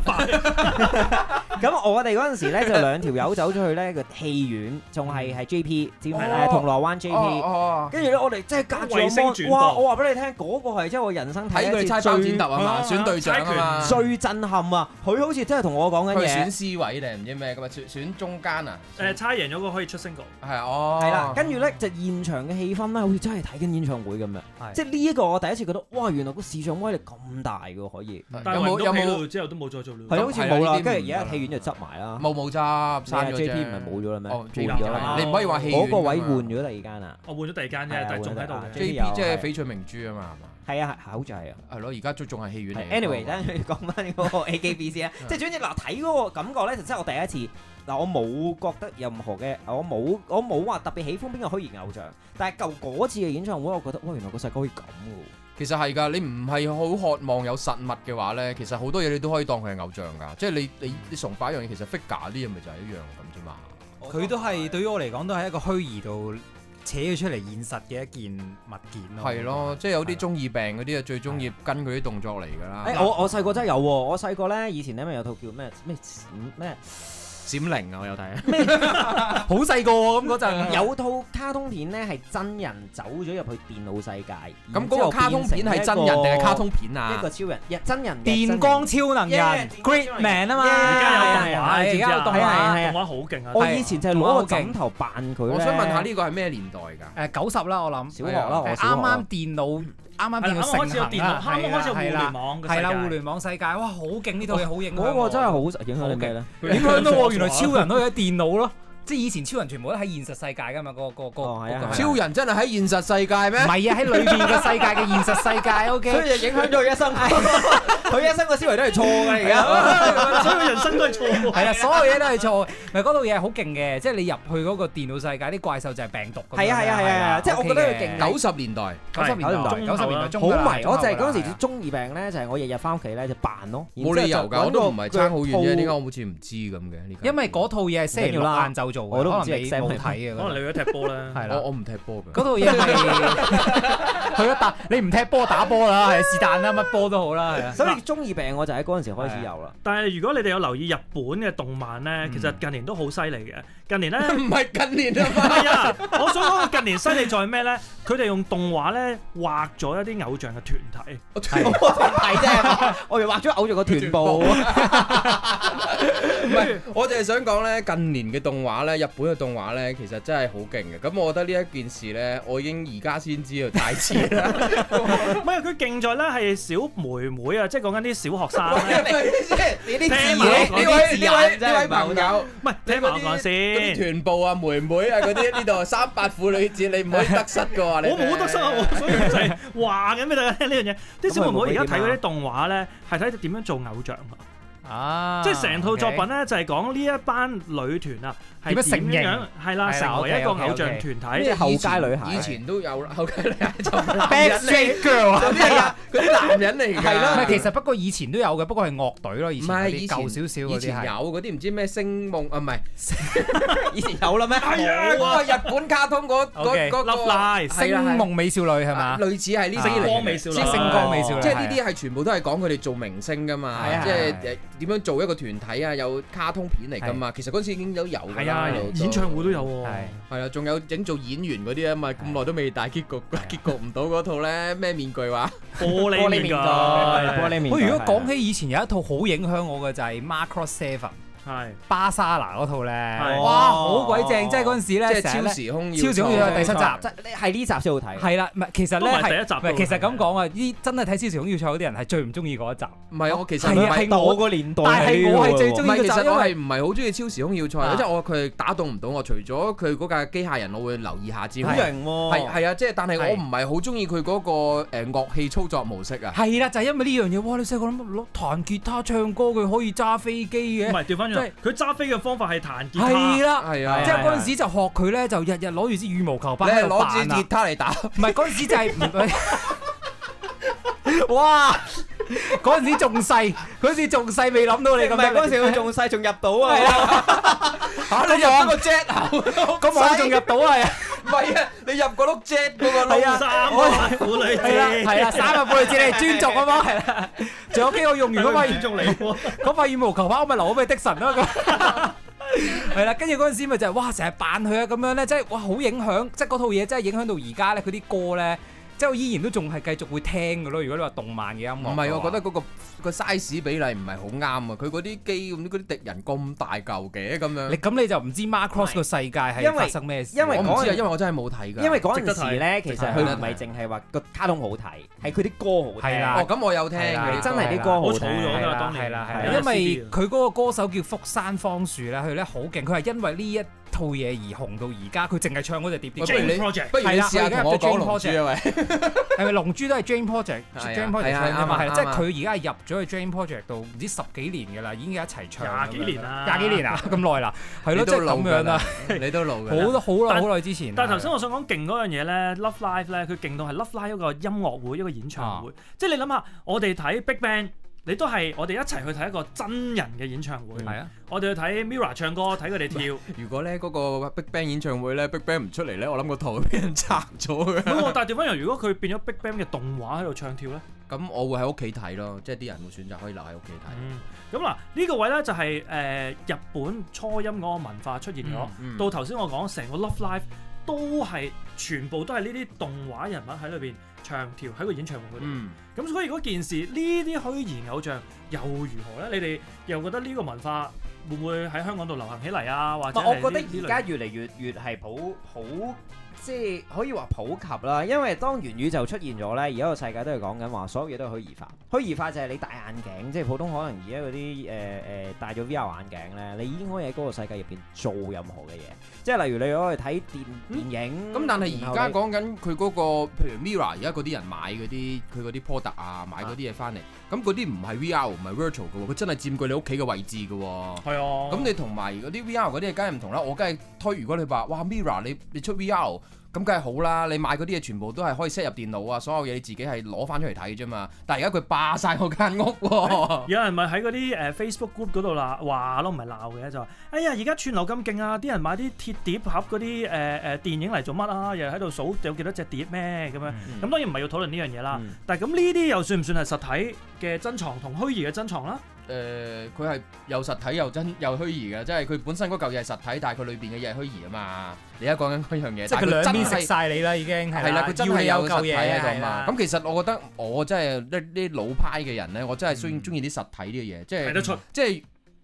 咁我哋嗰陣時咧就兩條友走咗去咧個戲院，仲係係 J P，只係咧銅鑼灣 J P，跟住咧我哋即係隔住哇，我話俾你聽，嗰個係即係我人。睇佢猜包剪揼啊嘛，選對象啊嘛，最震撼啊！佢好似真係同我講緊嘢。選 C 位定唔知咩咁啊？選中間啊？誒，猜贏咗嗰可以出 single 係啊。係啦，跟住咧就現場嘅氣氛咧，好似真係睇緊演唱會咁樣。即係呢一個，我第一次覺得，哇！原來個市場威力咁大㗎，可以。但係冇，有冇之後都冇再做了。係啊，好似冇啦，跟住而家戲院就執埋啦。冇冇執，刪咗 J P 唔係冇咗啦咩？冇咗啦。你唔可以話戲院個位換咗第二間啊。我換咗第二間啫，但係仲喺度。J P 即係翡翠明珠啊嘛，係嘛？係啊，考就係啊，係咯，而家都仲係戲院嚟 Anyway，、嗯、等陣講翻嗰個 AKB 啊，即係總之嗱，睇嗰個感覺咧，就真係我第一次嗱，我冇覺得任何嘅，我冇我冇話特別喜歡邊個虛擬偶像，但係舊嗰次嘅演唱會，我覺得哇，原來個世界可以咁嘅喎。其實係㗎，你唔係好渴望有實物嘅話咧，其實好多嘢你都可以當佢係偶像㗎，即係你你你崇拜一樣嘢，其實 figure 啲嘢咪就係一樣咁啫嘛。佢都係對於我嚟講，都係一個虛擬度。扯咗出嚟現實嘅一件物件咯，係咯的，嗯、即係有啲中二病嗰啲啊，最中意跟佢啲動作嚟㗎啦。誒，我我細個真係有喎，我細個咧以前咧咪有套叫咩咩咩。 閃靈啊！我有睇，好細個喎，咁嗰陣有套卡通片咧，係真人走咗入去電腦世界。咁嗰個卡通片係真人定係卡通片啊？呢個超人，真人電光超能人，Great Man 啊嘛！而家有動畫，而家都係係係動畫好勁啊！我以前就攞個枕頭扮佢。我想問下呢個係咩年代㗎？誒，九十啦，我諗小學啦，啱啱電腦。啱啱變成電腦，啱啱開始互聯網嘅世界，係啦，互聯網世界，哇，好勁呢套嘢，好型！嗰個真係好影響你嘅影響到咧？原來超人都喺電腦咯，即係以前超人全部都喺現實世界㗎嘛，嗰個嗰個超人真係喺現實世界咩？唔係啊，喺裏邊嘅世界嘅現實世界，O K。所以就影響咗佢一生。佢一生嘅思維都係錯嘅，而家，所有人生都係錯。係啦，所有嘢都係錯。唔係嗰套嘢係好勁嘅，即係你入去嗰個電腦世界啲怪獸就係病毒。係啊係啊係啊！即係我覺得佢勁。九十年代，九十年代，九十年代中，好迷。我就係嗰陣時中二病咧，就係我日日翻屋企咧就扮咯。冇理由㗎，我都唔係差好遠啫。點解我好似唔知咁嘅？因為嗰套嘢係星期六晏晝做嘅，我都唔捨得睇嘅。可能你去踢波啦。係啦，我我唔踢波㗎。嗰套嘢係去一打，你唔踢波打波啦，係是但啦，乜波都好啦，係。中二病我就喺嗰陣時開始有啦。但係如果你哋有留意日本嘅動漫咧，嗯、其實近年都好犀利嘅。近年咧，唔係近年啊嘛。啊， 我想講嘅近年犀利在咩咧？佢哋用動畫咧，畫咗一啲偶像嘅團體。我的團體啫，我哋畫咗偶像嘅團部。唔係，我就係想講咧，近年嘅動畫咧，日本嘅動畫咧，其實真係好勁嘅。咁我覺得呢一件事咧，我已經而家先知道太遲啦。唔係， 佢勁在咧係小妹妹啊，即係個講啲小學生咧，聽埋講先。呢位呢位呢位朋友，唔係聽埋講先。團部啊，妹妹啊，嗰啲呢度三八婦女節，你唔可以得失噶，你我冇得失啊。我所以係話緊咩？大家聽呢樣嘢，啲小妹妹而家睇嗰啲動畫咧，係睇點樣做偶像啊？啊！即係成套作品咧，就係講呢一班女團啊，點樣成形？係啦，成為一個偶像團體。咩後街女孩？以前都有後街女孩就 Bad Girl 啊！嗰啲人，嗰啲男人嚟㗎。係咯，唔係其實不過以前都有嘅，不過係樂隊咯，以前啲舊少少。以前有嗰啲唔知咩星夢啊，唔係以前有啦咩？係啊，嗰個日本卡通嗰嗰嗰個星夢美少女係嘛？類似係呢啲星光美少女啊，即係呢啲係全部都係講佢哋做明星㗎嘛，即係。點樣做一個團體啊？有卡通片嚟㗎嘛？是啊、其實嗰陣時已經有有啦，演唱會都有喎是、啊。係啊，仲有整做演員嗰啲啊嘛，咁耐是、啊、都未大結局，結局唔是、啊、到嗰套咧咩面具話玻璃面具，玻璃面具。如果講起以前有一套好影響我嘅就係、是《Macross 7》。係巴莎拿嗰套咧，哇，好鬼正！即係嗰陣時咧，即係超時空超時空要塞第七集，係呢集先好睇。係啦，唔係，其實咧第一集。其實咁講啊，呢真係睇超時空要塞嗰啲人係最唔中意嗰一集。唔係啊，我其實係我個年代，但係我係最中意集，因為唔係好中意超時空要塞，即係我佢打動唔到我。除咗佢嗰架機械人，我會留意下之外，好型喎。係啊，即係，但係我唔係好中意佢嗰個誒樂器操作模式啊。係啦，就係因為呢樣嘢，哇！你細個諗攞彈吉他唱歌，佢可以揸飛機嘅。即係佢揸飛嘅方法係彈吉他，係 啦樂，係啊，即係嗰陣時就學佢咧，就日日攞住支羽毛球拍，攞支吉他嚟打。唔係嗰陣時就係，哇！嗰陣時仲細，嗰陣時仲細未諗到你咁。唔係嗰陣時佢仲細仲入到啊，吓，你入到個 jet 口，咁我仲入到啊。係啊，你入個碌 jet 嗰個、啊、三個、啊、婦、哦、女、 啊，係啦、啊，係啊，三個婦女節你係 尊重好、啊、冇係啦、啊，仲有幾個用完嗰塊， 尊重你嗰塊羽毛球拍，我咪留俾迪神啦咁。係啦、就是，跟住嗰陣時咪就係哇，成日扮佢啊咁樣咧，即係哇好影響，即係嗰套嘢真係影響到而家咧，佢啲歌咧。即係我依然都仲係繼續會聽嘅咯，如果你話動漫嘅音樂。唔係，我覺得嗰個個 size 比例唔係好啱啊！佢嗰啲機咁嗰啲敵人咁大嚿嘅咁樣。你咁你就唔知 Macross 個世界係發生咩事。因為我唔知啊，因為我真係冇睇㗎。因為嗰陣時咧，其實佢唔係淨係話個卡通好睇，係佢啲歌好睇。係啦。哦，咁我有聽嘅，真係啲歌好睇。我儲咗㗎嘛，當年。係啦係。因為佢嗰個歌手叫福山芳樹啦，佢咧好勁，佢係因為呢一套嘢而紅到而家，佢淨係唱嗰隻碟碟。不如你不如你試下，我講龍珠啊喂，係咪龍珠都係 JAM Project JAM Project 啊嘛，即係佢而家係入咗去 JAM Project 度，唔知十幾年㗎啦，已經一齊唱。廿幾年啦，廿幾年啊，咁耐啦，係咯，即係咁樣啦。你都老㗎，好好耐好耐之前。但係頭先我想講勁嗰樣嘢咧，Love Live 咧，佢勁到係 Love Live 一個音樂會一個演唱會，即係你諗下，我哋睇 Big Bang 你都係我哋一齊去睇一個真人嘅演唱會。係啊、嗯，我哋去睇 Mirror 唱歌，睇佢哋跳。如果咧嗰個 BigBang 演唱會咧 BigBang 唔出嚟咧，我諗個台俾人拆咗嘅。唔好，但係調翻頭如果佢變咗 BigBang 嘅動畫喺度唱跳咧，咁我會喺屋企睇咯，即係啲人會選擇可以留喺屋企睇。咁嗱、嗯，呢個位咧就係、是、誒、呃、日本初音嗰個文化出現咗，嗯嗯、到頭先我講成個 Love Live 都係全部都係呢啲動畫人物喺裏邊。長條喺個演唱會度，咁、嗯、所以嗰件事呢啲虛擬偶像又如何咧？你哋又覺得呢個文化會唔會喺香港度流行起嚟啊？或者，我覺得而家越嚟越越係好好。即係可以話普及啦，因為當元宇宙出現咗咧，而家個世界都係講緊話，所有嘢都係虛擬化。虛擬化就係你戴眼鏡，即係普通可能而家嗰啲誒誒戴咗 VR 眼鏡咧，你已經可以喺嗰個世界入邊做任何嘅嘢。即係例如你可以睇電電影，咁、嗯、但係而家講緊佢嗰個，譬如 Mirror，而家嗰啲人買嗰啲佢嗰啲 product 啊，買嗰啲嘢翻嚟。啊。咁嗰啲唔係 VR 唔係 virtual 嘅喎，佢真係佔據你屋企嘅位置嘅喎。係啊。咁你同埋嗰啲 VR 嗰啲，梗係唔同啦。我梗係推。如果你話，哇，Mirror，你你出 VR。咁梗係好啦，你買嗰啲嘢全部都係可以 set 入電腦啊，所有嘢你自己係攞翻出嚟睇嘅啫嘛。但係而家佢霸晒我間屋。有人咪喺嗰啲誒 Facebook group 嗰度啦，話咯，唔係鬧嘅，就話：哎呀，而家串流咁勁啊！啲人買啲鐵碟盒嗰啲誒誒電影嚟做乜啊？又喺度數有幾多隻碟咩？咁樣咁、嗯、當然唔係要討論呢樣嘢啦。嗯、但係咁呢啲又算唔算係實體嘅珍藏同虛擬嘅珍藏啦？誒，佢係、呃、又實體又真又虛擬嘅，即係佢本身嗰嚿嘢係實體，但係佢裏邊嘅嘢係虛擬啊嘛。你而家講緊嗰樣嘢，即係佢兩邊食曬、啊、你啦，已經係啦。佢真係有嚿嘢喺度嘛？咁啦啦其實我覺得我呢，我真係啲啲老派嘅人咧，我真係中中意啲實體啲嘅嘢，嗯、即係睇得出，即係。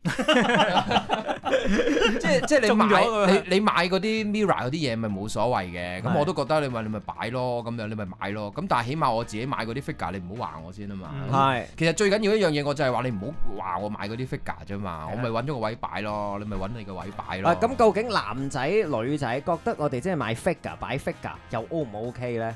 即係即係你買你你買嗰啲 mirror 嗰啲嘢，咪冇所謂嘅。咁我都覺得你咪你咪擺咯，咁樣你咪買咯。咁但係起碼我自己買嗰啲 figure，你唔好話我先啊嘛。係，其實最緊要一樣嘢，我就係話你唔好話我買嗰啲 figure 啫嘛，我咪揾咗個位擺咯。你咪揾你個位擺咯。咁究竟男仔女仔覺得我哋即係買 figure 擺 figure 又 O 唔 OK 咧？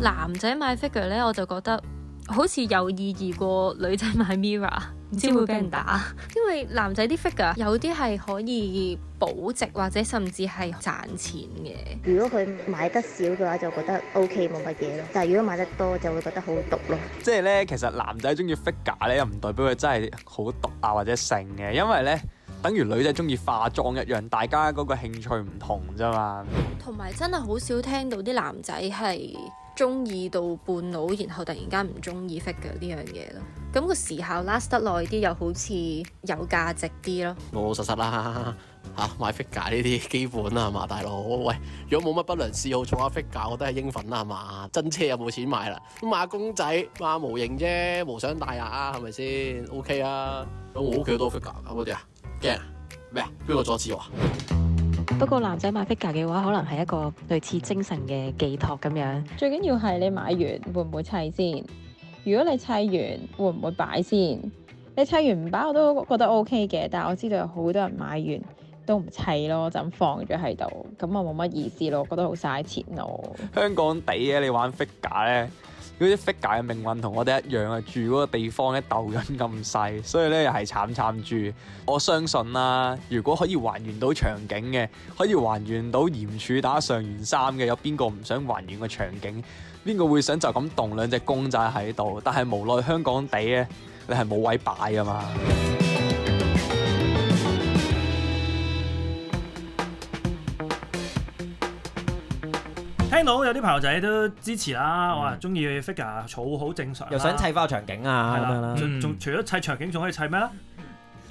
男仔買 figure 咧，我就覺得。好似有意義過女仔買 Mirror，唔知會俾人打。因為男仔啲 figure 有啲係可以保值，或者甚至係賺錢嘅。如果佢買得少嘅話，就覺得 OK 冇乜嘢咯。但係如果買得多，就會覺得好毒咯。即係咧，其實男仔中意 figure 咧，又唔代表佢真係好毒啊，或者性嘅。因為咧，等於女仔中意化妝一樣，大家嗰個興趣唔同啫嘛。同埋真係好少聽到啲男仔係，中意到半老，然後突然間唔中意 figure 呢樣嘢咯。咁個時效 last 得耐啲，又好似有價值啲咯。老老實實啦嚇、啊、買 figure 呢啲基本啦係嘛，大佬喂，如果冇乜不良嗜好，坐下 figure 我都係英粉啦係嘛，真車又冇錢買啦，咁買下公仔買模型啫，無想大牙係咪先？OK 啊。咁我屋企都 figure 唔啱啲啊？驚咩？邊個阻止我？不過男仔買 figure 嘅話，可能係一個類似精神嘅寄託咁樣。最緊要係你買完會唔會砌先？如果你砌完會唔會擺先？你砌完唔擺我都覺得 OK 嘅，但係我知道有好多人買完都唔砌咯，就咁放咗喺度，咁啊冇乜意思咯，覺得好嘥錢咯。香港地嘅你玩 figure 咧？嗰啲 figure 嘅命運同我哋一樣啊！住嗰個地方咧鬥緊咁細，所以咧又係慘慘住。我相信啦、啊，如果可以還原到場景嘅，可以還原到嚴處打上元三嘅，有邊個唔想還原個場景？邊個會想就咁棟兩隻公仔喺度？但係無奈香港地咧，你係冇位擺㗎嘛！聽到有啲朋友仔都支持啦，嗯、我話中意 figure，儲好正常，又想砌返個場景啊，咁樣啦。仲、嗯、除咗砌場景，仲可以砌咩咧？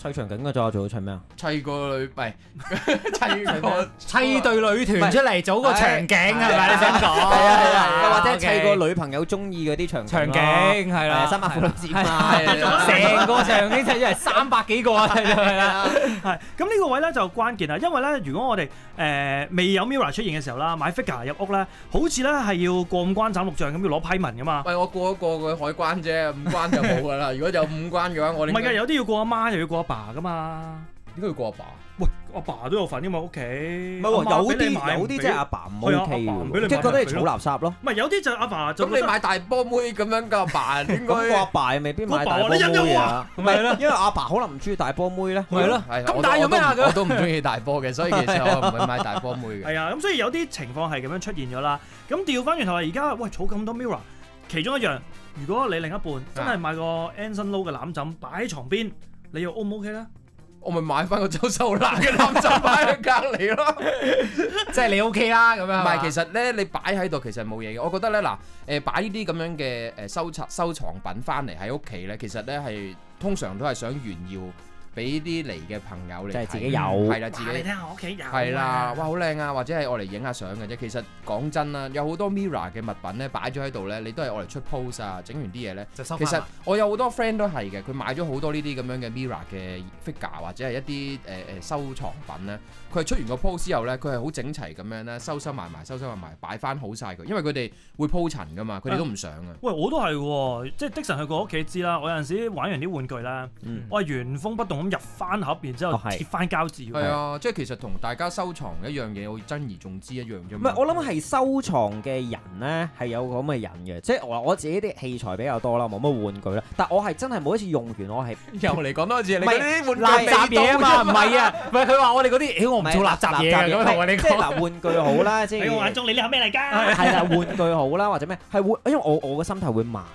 砌場景啊，做下做到砌咩啊？砌個女唔砌個砌對女團出嚟，組個場景係咪？你想講？或者砌個女朋友中意嗰啲場場景係啦，三百副字成個場景砌咗係三百幾個啊，係啦，係。咁呢個位咧就關鍵啦，因為咧，如果我哋誒未有 Mirror 出現嘅時候啦，買 figure 入屋咧，好似咧係要過五關斬六將咁要攞批文噶嘛？喂，我過一過個海關啫，五關就冇噶啦。如果有五關嘅話，我哋唔係㗎，有啲要過阿媽，又要過阿爸噶嘛？點解要過阿爸？喂，阿爸都有份㗎嘛屋企。唔係喎，有啲有啲即係阿爸唔 OK 嘅，即係覺得你儲垃圾咯。唔係有啲就阿爸。咁你買大波妹咁樣㗎阿爸，應該過阿爸未必買大波妹啊。唔係，因為阿爸可能唔中意大波妹咧。係咯，係。咁大有咩啊？我都唔中意大波嘅，所以其實我唔會買大波妹嘅。係啊，咁所以有啲情況係咁樣出現咗啦。咁調翻轉頭，而家喂儲咁多 Mirror，其中一樣，如果你另一半真係買個 Anson Lo 嘅攬枕擺喺床邊。你要 O 唔 O K 啦？我咪買翻個周秀娜嘅垃圾擺喺隔籬咯、。 OK，即係你 O K 啦咁樣。唔係，其實咧，你擺喺度其實冇嘢嘅。我覺得咧，嗱、呃、誒，擺呢啲咁樣嘅誒收藏收藏品翻嚟喺屋企咧，其實咧係通常都係想炫耀。俾啲嚟嘅朋友嚟睇，係啦，自己你聽下我屋企有、啊，係啦，哇好靚啊！或者係我嚟影下相嘅啫。其實講真啦，有好多 mirror 嘅物品咧擺咗喺度咧，你都係我嚟出 pose 啊！整完啲嘢咧，就收。其實我有好多 friend 都係嘅，佢買咗好多呢啲咁樣嘅 mirror 嘅 figure 或者係一啲誒誒收藏品咧，佢係出完個 pose 之後咧，佢係好整齊咁樣咧收收埋埋收收埋埋擺返好晒佢，因為佢哋會鋪塵㗎嘛，佢哋都唔想啊、呃。喂，我都係喎，即係 Tiksan 去過屋企知啦。我有陣時玩完啲玩具啦。嗯、我係原封不動。咁入翻盒，然之後貼翻膠紙。係啊，即係其實同大家收藏一樣嘢，我珍而重之一樣啫。唔係，我諗係收藏嘅人咧，係有咁嘅人嘅。即係我話我自己啲器材比較多啦，冇乜玩具啦。但我係真係冇一次用完，我係又嚟講多一次。唔係啲垃圾嘢啊嘛，唔係啊，唔係佢話我哋嗰啲，我唔係做垃圾嘢。咁同你講，即係嗱，玩具好啦，即係你我眼中，你呢盒咩嚟㗎？係啦，玩具好啦，或者咩？係會，因為我我嘅心態會賣啊，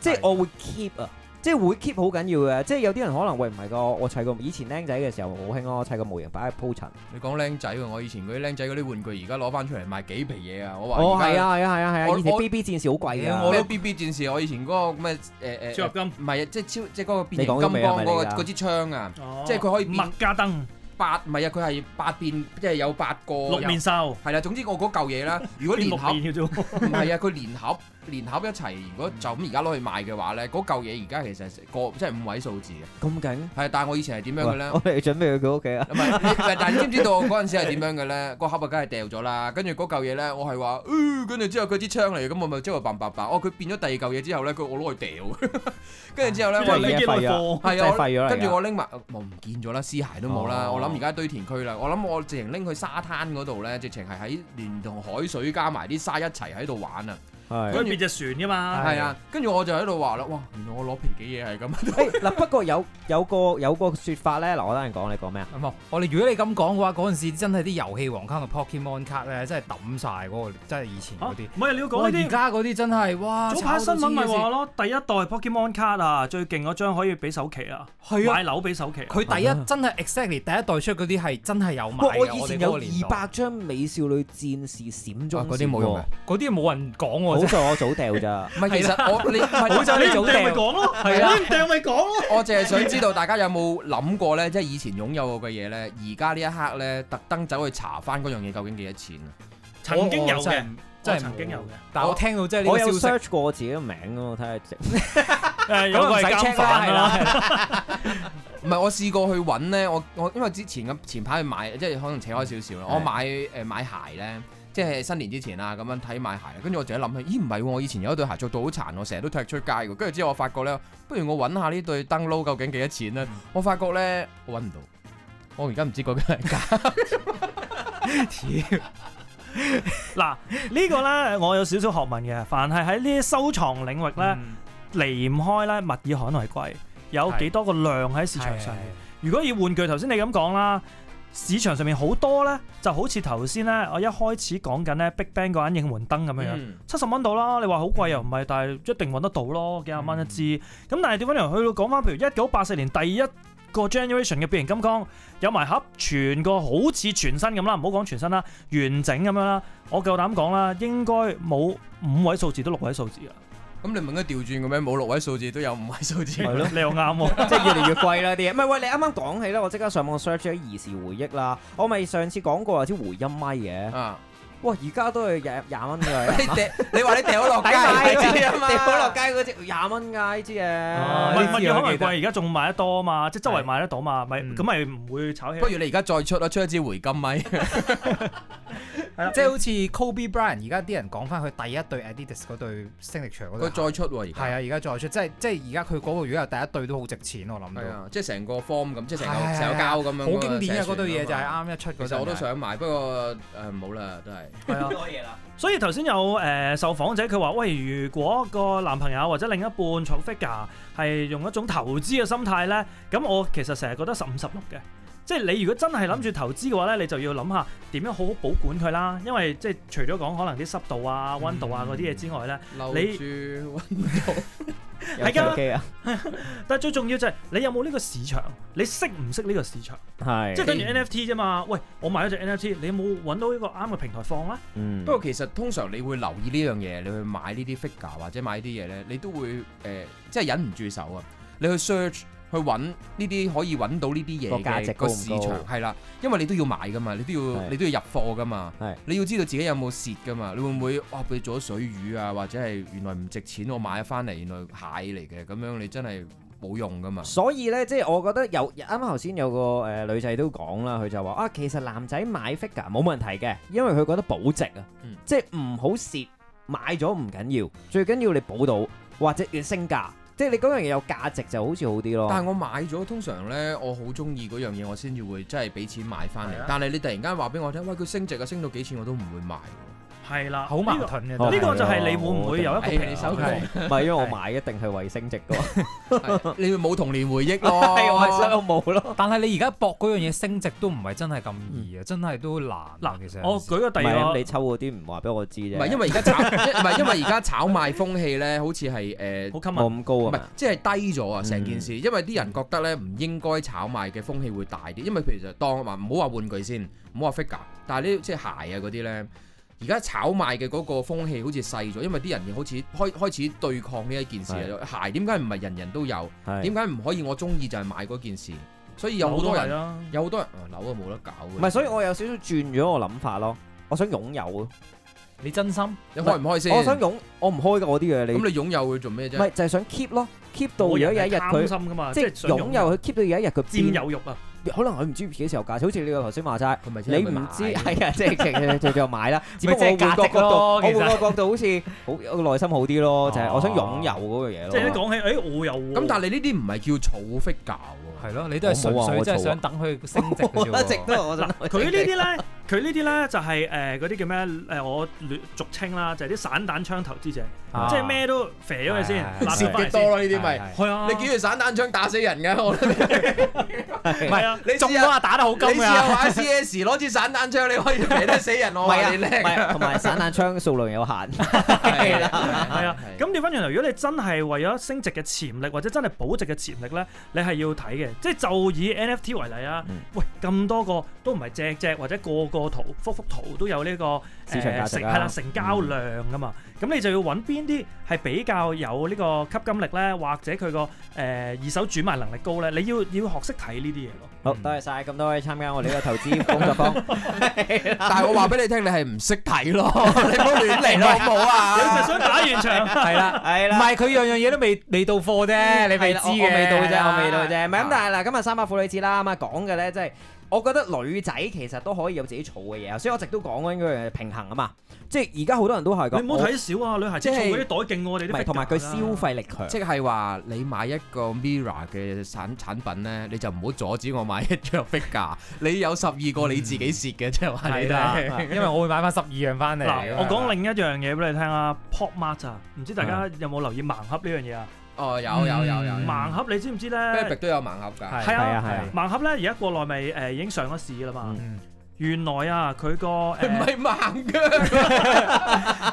即係我會 keep 啊。即係會 keep 好緊要嘅，即係有啲人可能會唔係個我砌個以前僆仔嘅時候好興咯，砌個模型擺喺鋪塵。你講僆仔喎，我以前嗰啲僆仔嗰啲玩具，而家攞翻出嚟賣幾皮嘢啊？我話哦係啊係啊係啊係啊，B B 戰士好貴啊。我 B B 戰士，我以前嗰個咩誒誒？超合金唔係即係超即係嗰個變形金剛嗰支槍啊，即係佢可以麥加登，八唔係啊，佢係八變即係有八個六面獸係啦。總之我嗰嚿嘢啦，如果連盒唔係啊，佢連盒。連盒一齊，如果就咁而家攞去賣嘅話咧，嗰嚿嘢而家其實個即係五位數字嘅。咁勁？係，但係我以前係點樣嘅咧？我哋準備去佢屋企啊！唔係不， 但係你知唔知道 我嗰陣時係點樣嘅咧？個盒啊，梗係掉咗啦。跟住嗰嚿嘢咧，我係話，跟住之後佢支槍嚟，咁我咪即係話白白白。哦，佢變咗第二嚿嘢之後咧，佢我攞去掉。跟 住之後咧、啊，我拎嘢廢啊，跟住我拎埋，我唔見咗啦，屍骸都冇啦、哦。我諗而家堆填區啦，我諗我直情拎去沙灘嗰度咧，直情係喺連同海水加埋啲沙一齊喺度玩啊！跟住隻船噶嘛，係啊，跟住我就喺度話咯，哇，原來我攞平幾嘢係咁。嗱，不過有有個有個說法咧，嗱，我等陣講，你講咩啊？我哋如果你咁講嘅話，嗰陣時真係啲遊戲王卡同 Pokemon 卡咧，真係抌晒嗰個，真係以前嗰啲。唔係你要講呢而家嗰啲真係，哇！早排新聞咪話咯，第一代 Pokemon 卡啊，最勁嗰張可以俾首期啊，買樓俾首期。佢第一真係 exactly 第一代出嗰啲係真係有買。我以前有二百張美少女戰士閃咗，嗰啲冇用嘅，嗰啲冇人講。好在 我早掉咋，唔係其實我你好在 你早掉咪講咯，係 是啊，掉咪講咯。我淨係想知道大家有冇諗過咧，即係以前擁有過嘅嘢咧，而家呢一刻咧，特登走去查翻嗰樣嘢究竟幾多錢啊？曾經有嘅，真係曾經有嘅。但我聽到即係我有 search 過自己嘅名咯，我睇下值。咁唔使 check 啦，唔係 我試過去揾咧，我我因為之前咁前排去買即係可能扯開少少啦。嗯、我買誒的買，買鞋咧。即係新年之前啊，咁樣睇買鞋，跟住我自己諗起，咦唔係，我以前有一對鞋做到好殘，我成日都踢出街，跟住之後我發覺咧，不如我揾下呢對登 l 究竟幾多錢咧？嗯、我發覺咧，我揾唔到，我而家唔知嗰對係假。屌，嗱呢個咧，我有少少學問嘅，凡係喺呢啲收藏領域咧，嗯、離唔開咧，物以罕為貴，有幾多個量喺市場上。的如果以玩具頭先你咁講啦。市場上面好多呢，就好似頭先呢，我一開始講緊咧，BigBang 嗰陣應門燈咁樣樣，七十蚊到啦。你話好貴又唔係，但係一定揾得到咯，幾廿蚊一支。咁、嗯、但係點解由去到講翻，譬如一九八四年第一個 Generation 嘅變形金剛有埋盒，全個好似全新咁啦，唔好講全新啦，完整咁樣啦，我夠膽講啦，應該冇五位數字都六位數字啊！咁、嗯、你唔應該調轉嘅咩？冇六位數字都有五位數字，係咯、 嗯？你又啱喎，即係越嚟越貴啦啲嘢。唔係喂，你啱啱講起咧，我即刻上網 search 咗兒時回憶啦。我咪上次講過話啲回音咪嘅，哇！而家都係廿蚊嘅。你掉，你話你掉落街嗰支，掉落街嗰支廿蚊嘅呢支嘅，物嘢、啊啊啊、可能貴，而家仲賣得多啊嘛，即係周圍賣得多嘛，咪咁咪唔會炒起。不如你而家再出啦，出一支回音咪。 即係好似 Kobe Bryant 而家啲人講翻佢第一對 Adidas 嗰對星力場佢再出喎，而係啊，而家再出，即係即係而家佢嗰個如果係第一對都好值錢。我諗到，即係成個 form 咁，即係成個社交咁樣，好經典啊！嗰對嘢就係啱一出嗰，其實我都想買，不過誒唔好啦，都係多嘢啦。所以頭先有誒受訪者佢話：喂，如果個男朋友或者另一半儲 figure 係用一種投資嘅心態咧，咁我其實成日覺得十五十六嘅。即係你如果真係諗住投資嘅話咧，你就要諗下點樣好好保管佢啦。因為即係除咗講可能啲濕度啊、温度啊嗰啲嘢之外咧，嗯、留住温度係㗎。但係最重要就係你有冇呢個市場？你識唔識呢個市場？係是即係等於 NFT 啫嘛。喂，我買咗隻 NFT，你有冇揾到一個啱嘅平台放啦？嗯、不過其實通常你會留意呢樣嘢，你去買呢啲 figure 或者買啲嘢咧，你都會誒、呃、即係忍唔住手啊。你去 search。去揾呢啲可以揾到呢啲嘢嘅個市場係啦，因為你都要買噶嘛，你都要的你都要入貨噶嘛，的你要知道自己有冇蝕噶嘛，你會唔會哇？譬如做咗水魚啊，或者係原來唔值錢，我買咗翻嚟原來蟹嚟嘅，咁樣你真係冇用噶嘛。所以呢，即係我覺得有啱啱頭先有個誒女仔都講啦，佢就話啊，其實男仔買 figure 冇問題嘅，因為佢覺得保值啊，嗯、即係唔好蝕，買咗唔緊要，最緊要你保到或者你升價。即係你嗰樣嘢有價值就好似好啲咯，但，但係我買咗通常咧，我好中意嗰樣嘢，我先至會真係俾錢買翻嚟。但係你突然間話俾我聽，喂，佢升值啊，升到幾錢我都唔會賣。係啦，好矛盾嘅。呢個就係你會唔會有一個備手袋？唔係，因為我買一定係為升值噶。你會冇童年回憶咯。係，我真係我冇咯。但係你而家博嗰樣嘢升值都唔係真係咁易啊，真係都難。難其實。我舉個例子。唔係，咁你抽嗰啲唔話俾我知啫。唔係，因為而家炒唔係因為而家炒賣風氣咧，好似係誒冇咁高啊。唔係，即係低咗啊！成件事，因為啲人覺得咧唔應該炒賣嘅風氣會大啲，因為譬如就當話唔好話玩具先，唔好話 figure，但係呢即係鞋啊嗰啲咧。而家炒賣嘅嗰個風氣好似細咗，因為啲人好似開開始對抗呢一件事啊！鞋點解唔係人人都有？點解唔可以我中意就係買嗰件事？所以有好多人，有好多人。樓啊冇得搞嘅。唔係，所以我有少少轉咗我諗法咯。我想擁有。你真心開唔開先？我想擁，我唔開噶我啲嘢。你咁你擁有佢做咩啫？唔係就係想 keep 咯，keep 到有一日佢貪心噶嘛，即係擁有佢 keep 到有一日佢佔有慾啊！可能佢唔知幾時有價，就好似你頭先話齋，你唔知係啊，即係就就買啦。只不過我換角度，我換個角度好似好個內心好啲咯，就係我想擁有嗰樣嘢咯。即係講起，誒，我有。咁但係你呢啲唔係叫儲 figure 喎？係咯，你都係純粹真係想等佢升值，一直，都佢呢啲咧。佢呢啲咧就係，誒，嗰啲叫咩，誒，我俗稱啦，就係啲散彈槍投資者，即係咩都肥咗佢先，蝕幾多咯呢啲咪？係啊！你攪住散彈槍打死人㗎，唔係啊！你中咗啊，打得好金㗎，你試下玩 C.S. 攞支散彈槍，你可以射得死人我你咯，同埋散彈槍數量有限，係啊，咁調翻轉頭，如果你真係為咗升值嘅潛力，或者真係保值嘅潛力咧，你係要睇嘅，即係就以 N.F.T. 為例啊，喂咁多個都唔係隻隻或者個個。個圖幅幅圖都有呢個市場價值，誒成係啦成交量噶嘛，咁你就要揾邊啲係比較有呢個吸金力咧，或者佢個誒二手轉賣能力高咧，你要要學識睇呢啲嘢咯。好，多謝曬咁多位參加我哋呢個投資工作坊，但係我話俾你聽，你係唔識睇咯，你唔好亂嚟咯，唔好啊，你就想打完場係啦係啦，唔係佢樣樣嘢都未未到貨啫，你未知嘅未到啫，我未到啫，唔係咁，但係嗱，今日三八婦女節啦，咁啊講嘅咧，即係。我覺得女仔其實都可以有自己儲嘅嘢啊，所以我一直都講應該係平衡啊嘛。即係而家好多人都係咁。你唔好睇少啊，女孩即儲嗰啲袋勁過我哋啲。同埋佢消費力強。即係話你買一個 Mirror 嘅產產品咧，你就唔好阻止我買一箱 Figure 你有十二個你自己蝕嘅，即係話你睇看，因為我會買翻十二樣翻嚟。對 我講另一樣嘢俾你聽啊，Pop Mart 啊，唔知大家有冇留意盲盒呢樣嘢啊？哦，有有、嗯、有有，有，有盲盒，你知唔知咧 Netflix 都有盲盒㗎是。係啊係，啊啊啊啊盲盒咧，而家國內咪誒、呃、已經上咗市啦嘛。嗯原來啊，佢個誒唔係盲嘅，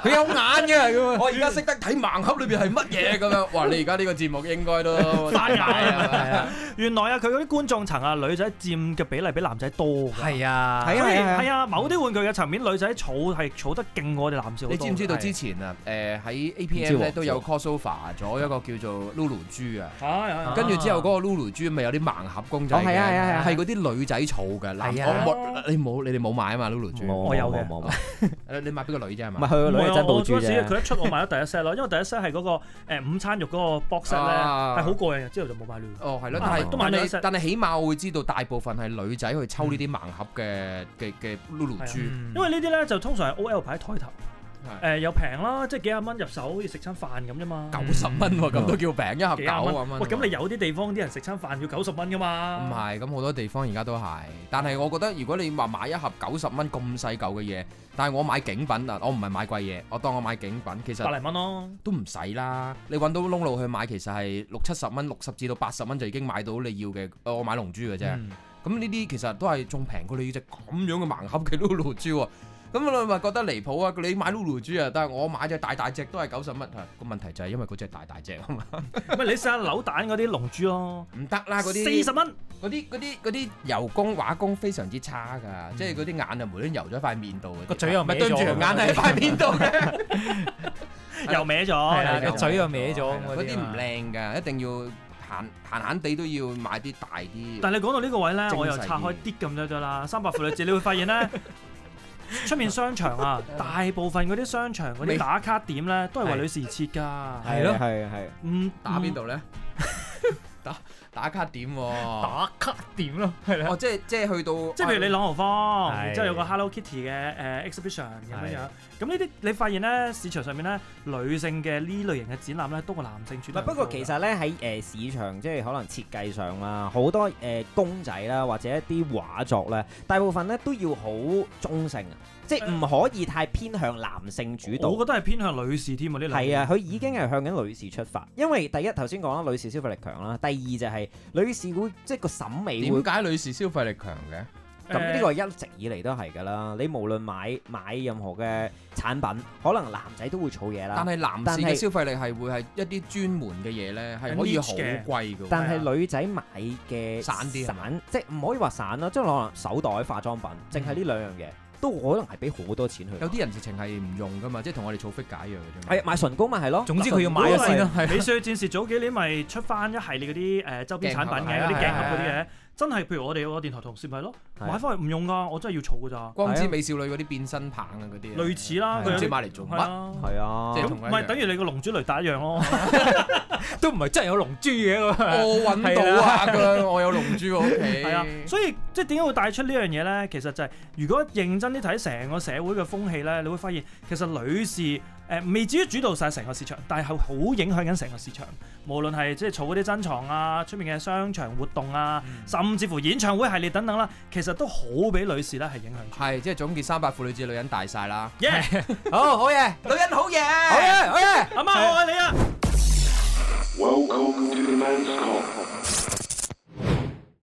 佢有眼嘅。我而家識得睇盲盒裏邊係乜嘢咁樣。哇！你而家呢個節目應該都開眼啊！原來啊，佢嗰啲觀眾層啊，女仔佔嘅比例比男仔多㗎。係啊，係啊，係啊。某啲玩具嘅層面，女仔儲係儲得勁過我哋男少好多。你知唔知道之前啊？誒喺 APM 都有 crossover 咗一個叫做 Lulu 豬啊。跟住之後嗰個 Lulu 豬咪有啲盲盒公仔嘅，係嗰啲女仔儲㗎。係啊，冇。你哋冇買啊嘛，Lulu 豬，我有嘅，冇買。你買畀個女啫？係嘛？唔係佢個女仔博主啫。佢一出，我買咗第一 set 咯，因為第一 set 係嗰個誒午餐肉嗰個 box 咧，係好過癮嘅，之後就冇買 Lulu。哦，係咯，但係都買咗 set。但係起碼我會知道大部分係女仔去抽呢啲盲盒嘅嘅嘅 Lulu 豬，因為呢啲咧就通常係 OL 擺喺枱頭。誒、呃、又平啦，即係幾廿蚊入手，好似食餐飯咁啫嘛。九十蚊喎，咁、嗯、都叫平一盒九啊蚊。喂哇，咁哇你有啲地方啲、嗯、人食餐飯要九十蚊噶嘛？唔係，咁好多地方而家都係。但係我覺得如果你話買一盒九十蚊咁細嚿嘅嘢，但係我買景品啊，我唔係買貴嘢，我當我買景品，其實百零蚊咯，都唔使啦。你揾到窿路去買，其實係六七十蚊，六十至到八十蚊就已經買到你要嘅、呃。我買龍珠嘅啫。咁呢啲其實都係仲平過你隻咁樣嘅盲盒嘅 LuLu 豬啊！咁你咪覺得離譜啊！你買 Lulu 豬啊，但係我買隻大大隻都係九十蚊啊！個問題就係因為嗰隻大大隻啊嘛。唔係你試下扭蛋嗰啲龍珠咯，唔得啦！嗰啲四十蚊，嗰啲嗰啲嗰啲油工畫工非常之差㗎，即係嗰啲眼啊無端端油咗塊面度，個嘴又咪對住眼喺塊面度，油歪咗，個嘴又歪咗，嗰啲唔靚㗎，一定要閒閒閒哋都要買啲大啲。但係你講到呢個位咧，我又拆開啲咁都得啦，三百婦女節你會發現咧。出面商場啊， 大部分嗰啲商場嗰啲打卡點咧，都係為女士設㗎。係咯的，係啊的，係。嗯，打邊度咧？ 打打卡點喎。打卡點咯、哦。係啦。 哦，即係即係去到，即係譬如你朗豪坊，然之後有個 Hello Kitty 嘅誒 exhibition 咁樣。呃的咁呢啲你發現咧，市場上面咧，女性嘅呢類型嘅展覽咧，多過男性主導。不過其實咧喺誒市場，即係可能設計上啦，好多誒、呃、公仔啦，或者一啲畫作咧，大部分咧都要好中性，即係唔可以太偏向男性主導。呃、我覺得係偏向女士添啊！啲係啊，佢已經係向緊女士出發，因為第一頭先講啦，女士消費力強啦，第二就係、是、女士會即係個審美點解女士消費力強嘅？咁呢、嗯嗯、個一直以嚟都係噶啦，你無論買買任何嘅產品，可能男仔都會儲嘢啦。但係男士嘅消費力係會係一啲專門嘅嘢咧，係可以好貴嘅。嗯、但係女仔買嘅散啲，啊、散是是即係唔可以話散啦，即可能手袋、化妝品，淨係呢兩樣嘢都可能係俾好多錢去。有啲人實情係唔用噶嘛，即係同我哋儲 figure 一樣嘅啫。係買唇膏咪係咯。總之佢要買咗先啦。美少女戰士早幾年咪出翻一系列嗰啲誒周邊產品嘅嗰啲鏡盒嗰啲嘢。真係，譬如我哋有個電台同事咪係咯，買翻去唔用噶，我真係要儲噶咋。光之美少女嗰啲變身棒啊，嗰啲類似啦，跟住買嚟做，係啊，係啊，唔係等於你個龍珠雷達一樣咯，都唔係真係有龍珠嘅。我揾到啊，我有龍珠喎。係啊，所以即係點解會帶出呢樣嘢咧？其實就係如果認真啲睇成個社會嘅風氣咧，你會發現其實女士。誒、呃、未至於主導晒成個市場，但係好影響緊成個市場。無論係即係儲嗰啲珍藏啊，出面嘅商場活動啊，嗯、甚至乎演唱會系列等等啦、啊，其實都好俾女士咧係影響。係即係總結，三八婦女節女人大晒啦。耶 Yeah! 是、啊，好 好嘢，女人好嘢，好嘢好嘢，阿 媽我愛你啊！